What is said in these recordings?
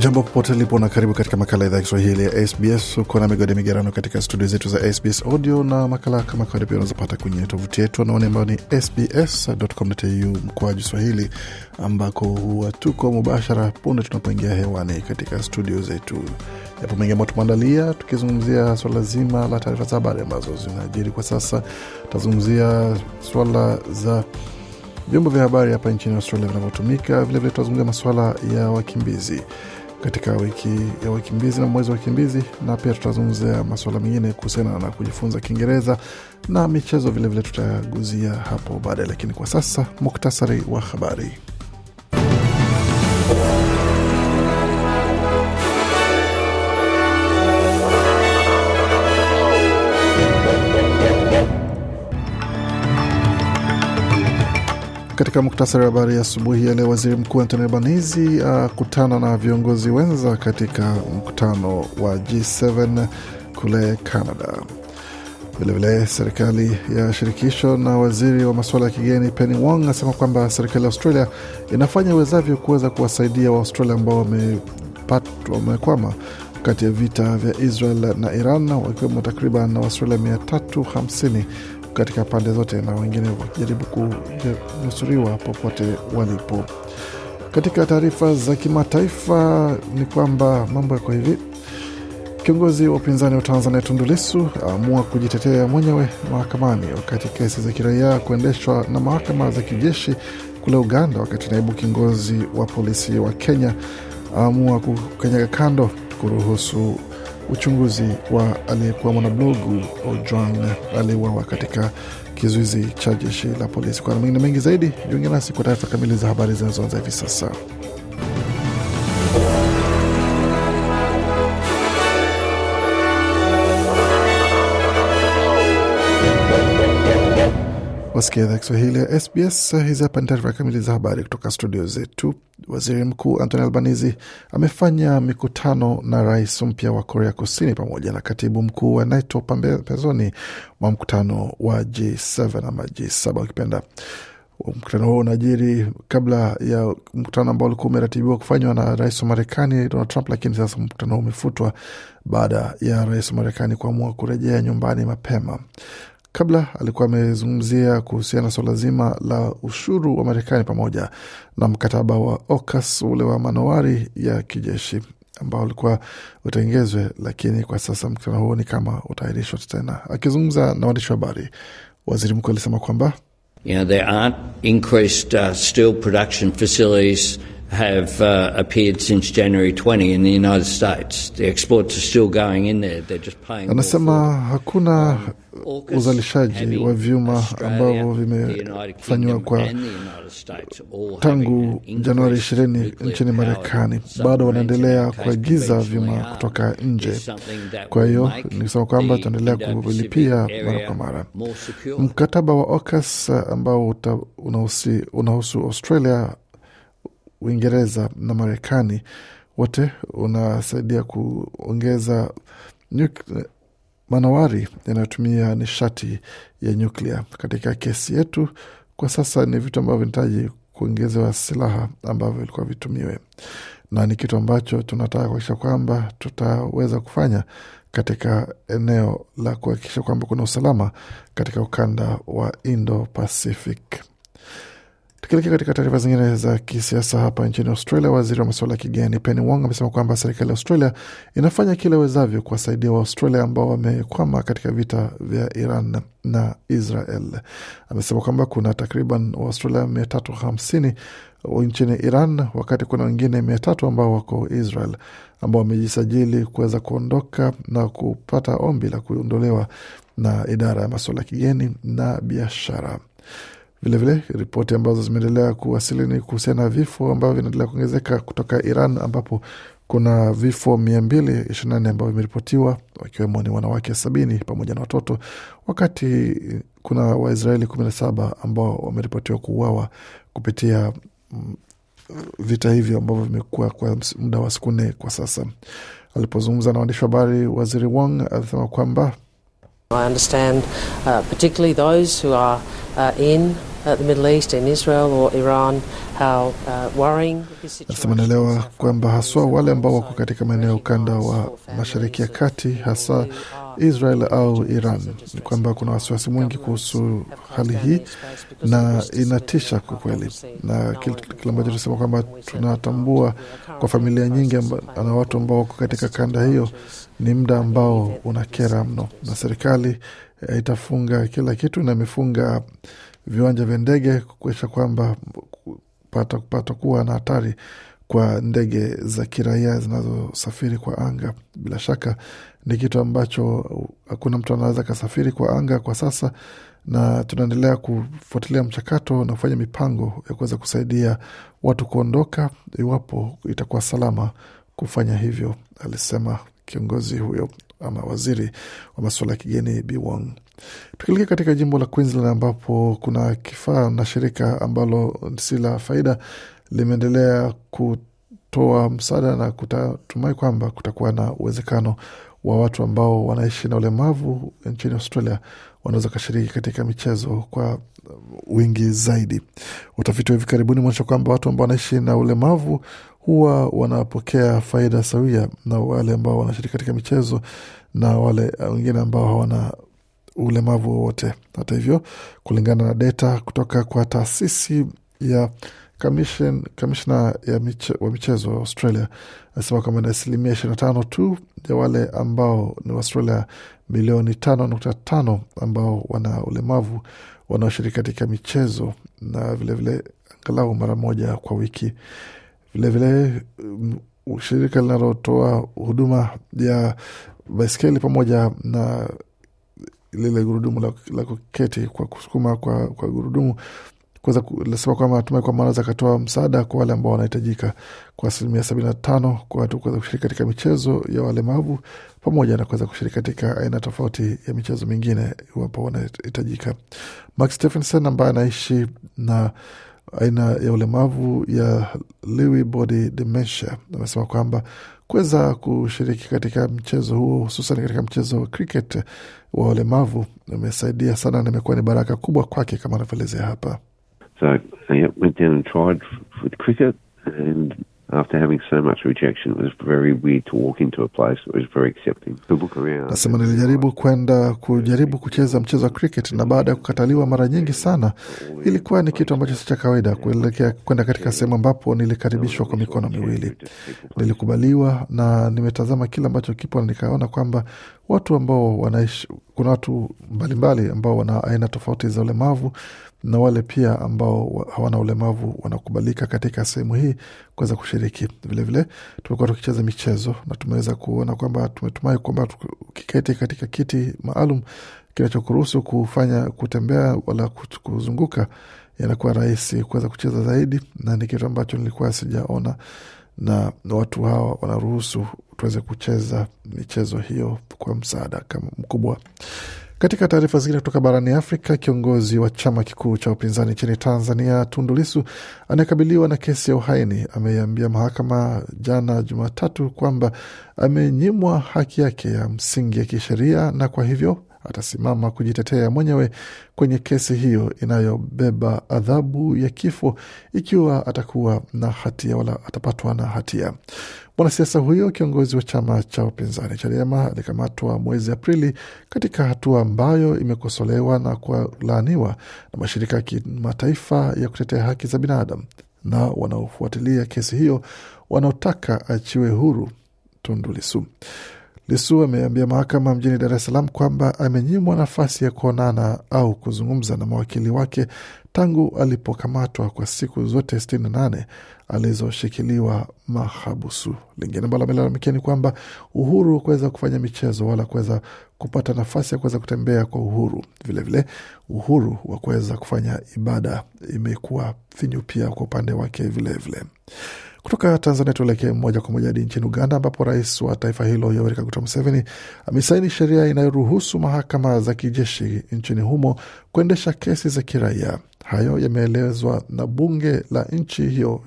Jambo popote lipo na karibu katika makala idhaa ya Kiswahili ya SBS. Uko na migode migerano katika studio zetu za SBS audio na makala kama kawaida, pia unazopata kwenye tovuti yetu anaone ambayo ni sbs.com.au mkoaju Swahili, ambako huwa tuko mubashara punde tunapoingia hewani katika studio zetu. Yapo mengi ambayo tumeandalia, tukizungumzia swala zima la taarifa za habari ambazo zinajiri kwa sasa. Tutazungumzia swala za vyombo vya habari hapa nchini Australia vinavyotumika, vilevile tutazungumzia masuala ya wakimbizi katika wiki ya wakimbizi na mwezi wa wakimbizi, na pia tutazungumzia masuala mengine kuhusiana na kujifunza Kiingereza na michezo vilevile, tutaguzia hapo baadaye, lakini kwa sasa muktasari wa habari. Katika muktasari wa habari asubuhi ya leo, waziri mkuu Antoni Albanizi akutana uh, na viongozi wenza katika mkutano wa G7 kule Canada. Vilevile, serikali ya shirikisho na waziri wa masuala ya kigeni Penny Wong asema kwamba serikali ya Australia inafanya uwezavyo kuweza kuwasaidia Waaustralia ambao wamekwama kati ya vita vya Israel na Iran, wakiwemo takriban Waaustralia 350 katika pande zote na wengine wakijaribu kunusuriwa popote walipo. Katika taarifa za kimataifa ni kwamba mambo yako hivi. Kiongozi wa upinzani wa Tanzania Tundu Lissu aamua kujitetea mwenyewe mahakamani wakati kesi za kiraia kuendeshwa na mahakama za kijeshi kule Uganda, wakati naibu kiongozi wa polisi wa Kenya aamua kukanyaga kando kuruhusu uchunguzi wa aliyekuwa mwanablogu uh, Ojwang aliyeuawa katika kizuizi cha jeshi la polisi. Kwa mengine mengi zaidi, jiunge nasi kwa taarifa kamili za habari zinazoanza hivi sasa. Wasikia idhaa Kiswahili ya SBS. Hizi hapa ni taarifa kamili za habari kutoka studio zetu. Waziri Mkuu Anthony Albanese amefanya mikutano na rais mpya wa Korea Kusini pamoja na katibu mkuu wa NATO pembezoni mwa mkutano wa G7 ama G7 ukipenda. Mkutano huo unajiri kabla ya mkutano ambao ulikuwa umeratibiwa kufanywa na rais wa Marekani Donald Trump, lakini sasa mkutano huu umefutwa baada ya rais wa Marekani kuamua kurejea nyumbani mapema. Kabla alikuwa amezungumzia kuhusiana na suala zima la ushuru wa Marekani pamoja na mkataba wa OCAS ule wa manowari ya kijeshi ambao ulikuwa utengezwe, lakini kwa sasa mkutano huo ni kama utaahirishwa tena. Akizungumza na waandishi wa habari, waziri mkuu alisema kwamba you know, there aren't increased uh, steel production facilities have uh, appeared since January 20 in the United States. The exports are still going in there. They're just paying. Anasema hakuna uh, uzalishaji wa vyuma ambavyo vimefanyiwa kwa tangu Januari 20 nchini Marekani, bado wanaendelea kuagiza vyuma kutoka nje. Kwa hiyo nikisema kwamba tunaendelea kulipia mara kwa mara. Mkataba wa AUKUS uh, ambao unahusu Australia Uingereza na Marekani wote unasaidia kuongeza manowari yanayotumia nishati ya nyuklia. Katika kesi yetu kwa sasa ni vitu ambavyo vinahitaji kuongezewa silaha ambavyo vilikuwa vitumiwe, na ni kitu ambacho tunataka kuakisha kwamba tutaweza kufanya katika eneo la kuhakikisha kwamba kuna usalama katika ukanda wa Indo Pacific. Tukielekea katika taarifa zingine za kisiasa hapa nchini Australia, waziri wa masuala ya kigeni Penny Wong amesema kwamba serikali ya Australia inafanya kila wezavyo kuwasaidia Waaustralia ambao wamekwama katika vita vya Iran na Israel. Amesema kwamba kuna takriban Waaustralia mia tatu hamsini nchini Iran, wakati kuna wengine mia tatu ambao wako Israel ambao wamejisajili kuweza kuondoka na kupata ombi la kuondolewa na idara ya masuala ya kigeni na biashara. Vilevile ripoti ambazo zimeendelea kuwasili ni kuhusiana na vifo ambavyo vinaendelea kuongezeka kutoka Iran ambapo kuna vifo mia mbili ishirini na ambavyo vimeripotiwa wakiwemo ni wanawake sabini pamoja na watoto, wakati kuna Waisraeli kumi na saba ambao wameripotiwa kuuawa kupitia mm, vita hivyo ambavyo vimekuwa kwa muda wa siku nne kwa sasa. Alipozungumza na waandishi wa habari, waziri Wong alisema kwamba I understand, uh, particularly those who are, uh, in Uh, Anasema uh, kwamba haswa wale ambao wako katika maeneo ya ukanda wa mashariki ya kati, hasa Israel au Iran, ni kwamba kuna wasiwasi mwingi kuhusu hali hii na inatisha kwa kweli, na kile ambacho tunasema kwamba tunatambua kwa familia nyingi na watu ambao wako katika kanda hiyo, ni muda ambao unakera mno, na serikali eh, itafunga kila kitu na imefunga viwanja vya ndege kuonyesha kwamba pata, pata kuwa na hatari kwa ndege za kiraia zinazosafiri kwa anga. Bila shaka ni kitu ambacho hakuna mtu anaweza kasafiri kwa anga kwa sasa, na tunaendelea kufuatilia mchakato na kufanya mipango ya kuweza kusaidia watu kuondoka iwapo itakuwa salama kufanya hivyo, alisema kiongozi huyo ama waziri wa masuala ya kigeni Bi Wong. Tukielekea katika jimbo la Queensland ambapo kuna kifaa na shirika ambalo si la faida limeendelea kutoa msaada na kutatumai kwamba kutakuwa na uwezekano wa watu ambao wanaishi na ulemavu nchini Australia wanaweza kashiriki katika michezo kwa wingi zaidi. Utafiti wa hivi karibuni umeonyesha kwamba watu ambao wanaishi na ulemavu huwa wanapokea faida sawia na wale ambao wanashiriki katika michezo na wale wengine ambao hawana ulemavu wowote. Hata hivyo, kulingana na data kutoka kwa taasisi ya Kamishna miche, wa michezo wa Australia anasema kwamba ni asilimia na tano tu ya wale ambao ni Waustralia milioni tano nukta tano ambao wana ulemavu wanaoshiriki katika michezo na vilevile vile, angalau mara moja kwa wiki. Vilevile vile, mm, shirika linalotoa huduma ya baiskeli pamoja na lile gurudumu la, la kuketi kwa kusukuma kwa, kwa gurudumu kuweza lasema kwamba natumai kwamba anaweza akatoa msaada kwa wale ambao wanahitajika kwa asilimia sabini na tano kwa watu kuweza kushiriki katika michezo ya walemavu pamoja na kuweza kushiriki katika aina tofauti ya michezo mingine iwapo wanahitajika. Mark Stephenson ambaye anaishi na aina ya ulemavu ya Lewy body dementia amesema kwamba kuweza kushiriki katika mchezo huo hususan katika mchezo wa cricket wa ulemavu imesaidia sana na imekuwa ni baraka kubwa kwake, kama anavyoelezea hapa. So I went down and tried with cricket, and after having so much rejection, it was very weird to walk into a place that was very accepting. To look around. Nasema nilijaribu kwenda kujaribu kucheza mchezo wa cricket na baada ya kukataliwa mara nyingi sana, ilikuwa ni kitu ambacho si cha kawaida kuelekea kwenda katika sehemu ambapo nilikaribishwa kwa mikono miwili. Nilikubaliwa na nimetazama kile ambacho kipo na nikaona kwamba watu ambao wanaishi, kuna watu mbalimbali ambao wana aina tofauti za ulemavu na wale pia ambao hawana ulemavu wanakubalika katika sehemu hii kuweza kushiriki. Vilevile tumekuwa tukicheza michezo na tumeweza kuona kwamba tumetumai kwamba ukiketi katika kiti maalum kinachokuruhusu kufanya kutembea wala kuzunguka, yanakuwa rahisi kuweza kucheza zaidi, na ni kitu ambacho nilikuwa sijaona, na watu hawa wanaruhusu tuweze kucheza michezo hiyo kwa msaada kama mkubwa. Katika taarifa zingine kutoka barani Afrika, kiongozi wa chama kikuu cha upinzani nchini Tanzania Tundu Lissu anayekabiliwa na kesi ya uhaini ameiambia mahakama jana Jumatatu kwamba amenyimwa haki yake ya msingi ya kisheria na kwa hivyo atasimama kujitetea mwenyewe kwenye kesi hiyo inayobeba adhabu ya kifo ikiwa atakuwa na hatia wala atapatwa na hatia. Mwanasiasa huyo kiongozi wa chama cha upinzani Chadema alikamatwa mwezi Aprili katika hatua ambayo imekosolewa na kulaaniwa na mashirika ya kimataifa ya kutetea haki za binadamu na wanaofuatilia kesi hiyo wanaotaka achiwe huru Tundu Lissu lisu ameambia mahakama mjini Dar es Salaam kwamba amenyimwa nafasi ya kuonana au kuzungumza na mawakili wake tangu alipokamatwa kwa siku zote 68 alizoshikiliwa mahabusu. Lingine ambalo amelalamikia ni kwamba uhuru wa kuweza kufanya michezo wala kuweza kupata nafasi ya kuweza kutembea kwa uhuru, vilevile vile, uhuru wa kuweza kufanya ibada imekuwa finyu pia kwa upande wake vilevile vile. Kutoka Tanzania tuelekee moja kwa moja hadi nchini Uganda, ambapo rais wa taifa hilo Yoweri Kaguta Museveni amesaini sheria inayoruhusu mahakama za kijeshi nchini humo kuendesha kesi za kiraia. Hayo yameelezwa na bunge la nchi hiyo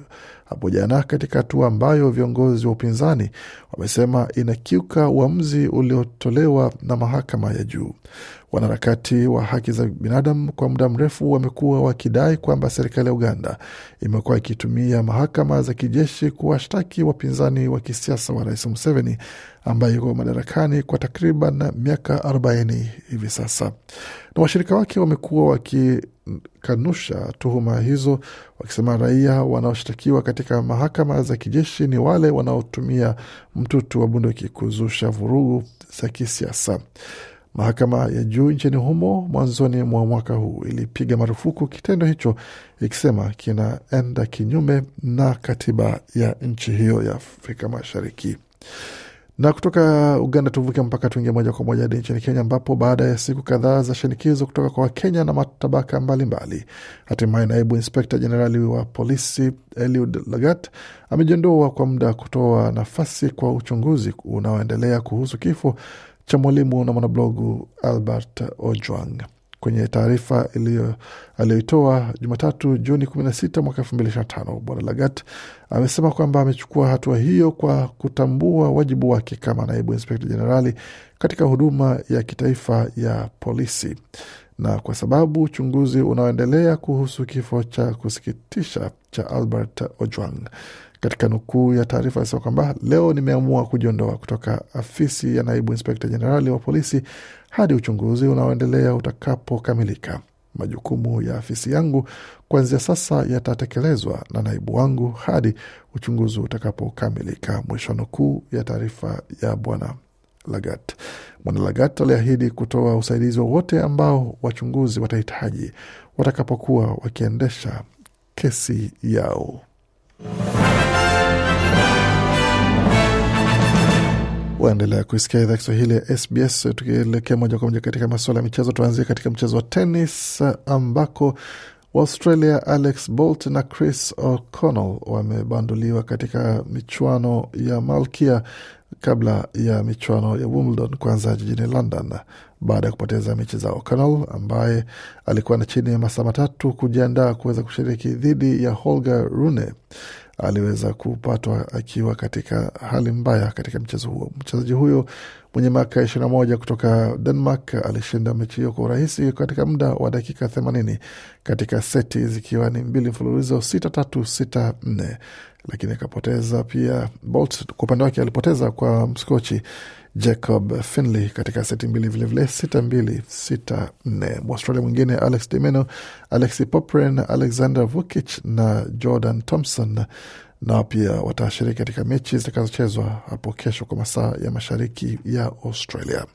hapo jana, katika hatua ambayo viongozi wa upinzani wamesema inakiuka uamuzi uliotolewa na mahakama ya juu. Wanaharakati wa haki za binadamu kwa muda mrefu wamekuwa wakidai kwamba serikali ya Uganda imekuwa ikitumia mahakama za kijeshi kuwashtaki wapinzani wa kisiasa wa Rais Museveni ambaye yuko madarakani kwa takriban miaka 40 hivi sasa, na washirika wake wamekuwa wakikanusha tuhuma hizo, wakisema raia wanaoshtakiwa katika mahakama za kijeshi ni wale wanaotumia mtutu wa bunduki kuzusha vurugu za kisiasa. Mahakama ya juu nchini humo mwanzoni mwa mwaka huu ilipiga marufuku kitendo hicho, ikisema kinaenda kinyume na katiba ya nchi hiyo ya Afrika Mashariki. Na kutoka Uganda tuvuke mpaka tuingie moja kwa moja hadi nchini Kenya, ambapo baada ya siku kadhaa za shinikizo kutoka kwa Wakenya na matabaka mbalimbali, hatimaye naibu inspekta jenerali wa polisi Eliud Lagat amejiondoa kwa muda kutoa nafasi kwa uchunguzi unaoendelea kuhusu kifo cha mwalimu na mwanablogu Albert Ojwang kwenye taarifa aliyoitoa Jumatatu Juni 16 mwaka 2025, Bwana Lagat amesema kwamba amechukua hatua hiyo kwa kutambua wajibu wake kama naibu inspekta jenerali katika huduma ya kitaifa ya polisi na kwa sababu uchunguzi unaoendelea kuhusu kifo cha kusikitisha cha Albert Ojwang katika nukuu ya taarifa alisema kwamba leo nimeamua kujiondoa kutoka afisi ya naibu inspekta jenerali wa polisi hadi uchunguzi unaoendelea utakapokamilika. Majukumu ya afisi yangu kuanzia sasa yatatekelezwa na naibu wangu hadi uchunguzi utakapokamilika, mwisho nukuu ya taarifa ya bwana Lagat. Bwana Lagat aliahidi kutoa usaidizi wowote ambao wachunguzi watahitaji watakapokuwa wakiendesha kesi yao. waendelea kuisikia idhaa Kiswahili ya SBS. Tukielekea moja kwa moja katika masuala ya michezo, tuanzie katika mchezo wa tenis ambako Waustralia Alex Bolt na Chris O'Connell wamebanduliwa katika michuano ya Malkia kabla ya michuano ya Wimbledon kwanza jijini London baada ya kupoteza mechi za O'Connell ambaye alikuwa na chini ya masaa matatu kujiandaa kuweza kushiriki dhidi ya Holger Rune aliweza kupatwa akiwa katika hali mbaya katika mchezo huo. Mchezaji huyo mwenye miaka ishirini na moja kutoka Denmark alishinda mechi hiyo kwa urahisi katika muda wa dakika themanini katika seti zikiwa ni mbili mfululizo sita tatu sita nne, lakini akapoteza pia. Bolt kwa upande wake alipoteza kwa mskochi Jacob Finley katika seti mbili vilevile sita mbili sita nne. Mwaustralia mwingine Alex Demeno, Alexi Popren, Alexander Vukic na Jordan Thompson nao pia watashiriki katika mechi zitakazochezwa hapo kesho kwa masaa ya mashariki ya Australia.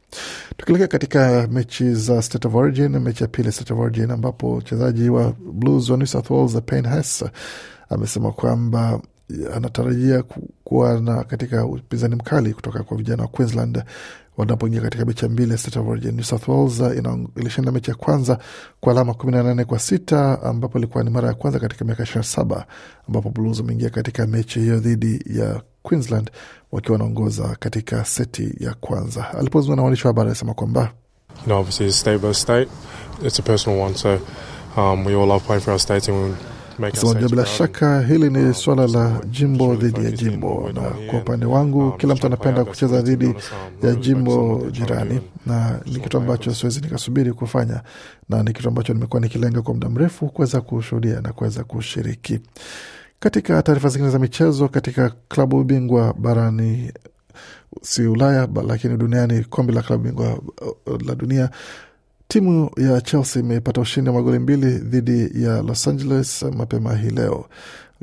Tukielekea katika mechi za State of Origin, mechi ya pili State of Origin, ambapo mchezaji wa Blues wa New South Wales Payne Haas amesema kwamba anatarajia kuwa na katika upinzani mkali kutoka kwa vijana wa Queensland wanapoingia katika mechi ya mbili State of Origin. New South Wales eh, ilishinda mechi ya kwanza kwa alama kumi na nane kwa sita ambapo ilikuwa ni mara ya kwanza katika miaka ishirini na saba ambapo Blues wameingia katika mechi hiyo dhidi ya Queensland wakiwa wanaongoza katika seti ya kwanza. Alipozungumza na waandishi wa habari alisema kwamba you know, So bila shaka hili ni swala la jimbo dhidi ya jimbo, na kwa upande wangu kila mtu anapenda kucheza dhidi ya jimbo jirani, na ni kitu ambacho siwezi nikasubiri kufanya, na ni kitu ambacho nimekuwa nikilenga kwa muda mrefu kuweza kushuhudia na kuweza kushiriki. Katika taarifa zingine za michezo, katika klabu bingwa barani si Ulaya lakini duniani, kombe la klabu bingwa eh, la dunia Timu ya Chelsea imepata ushindi wa magoli mbili dhidi ya Los Angeles mapema hii leo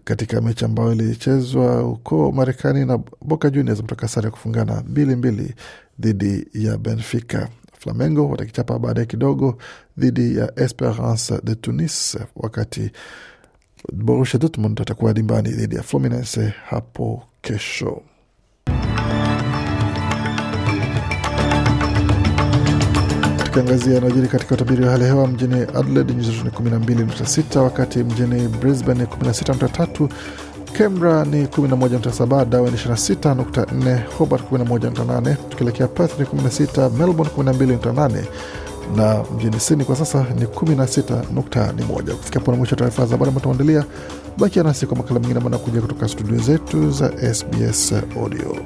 katika mechi ambayo ilichezwa huko Marekani, na Boca Juniors mtoka sare ya kufungana mbili mbili dhidi ya Benfica. Flamengo watakichapa baadaye kidogo dhidi ya Esperance de Tunis, wakati Borussia Dortmund atakuwa dimbani dhidi ya Fluminense hapo kesho. tukiangazia yanayojiri katika utabiri wa hali ya hewa mjini Adelaide nyuzi joto ni 12.6, wakati mjini Brisbane ni 16.3, Canberra ni 11.7, Darwin ni 26.4, Hobart 11.8, tukielekea Perth ni 16, Melbourne 12.8 na mjini Sydney kwa sasa ni 16.1. Kufikia hapo na mwisho taarifa za habari ambayo tumeandalia, bakia nasi kwa makala mengine ambayo nakuja kutoka studio zetu za SBS Audio.